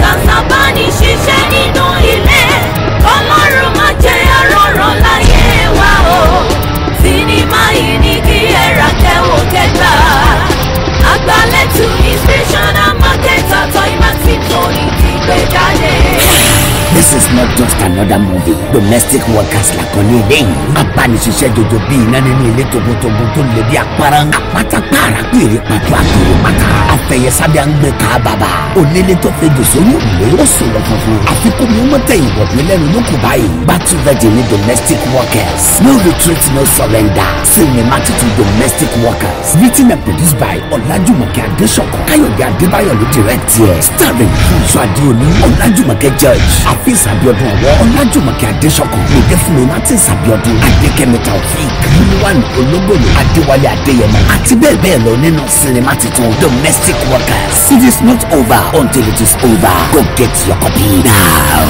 kàṣà bá ní ṣiṣẹ́ nínú yìí. This is not just another movie. Domestic workers la kàn ní ilé yìí. Abániṣiṣẹ́ jojo bí iná nínú ilé togotogun tó lè bí apara. Àpátápára péré pàtó àpérè pátá. Afẹ̀yẹsábíà ń gbé ká bàbá. Onílé tó fẹ́ jòsórí òrùlé ó sùn lọ funfun. Àfikún mi wọ́n tẹ̀yìn wọ̀ mí lẹ́nu ló kù báyìí. Battle virgin ni domestic workers. No retreat, no surrender. Sinimá tuntun domestic written and produced by Olajumoke Adesokan Kayode Adebayo ló direct ẹ̀ starring Funso Adeolu Olajumoke George Afeez Abiodun Owo Olajumoke Adesokan Mide Funmi Martins Abiodun Adekemi Taofeek Olúwani Ológbòlò Adéwálé Adéyẹmọ àti bẹ́ẹ̀ bẹ́ẹ̀ lọ nínú sinimá titun Domestic Workers It is not over until it is over go get your copy now.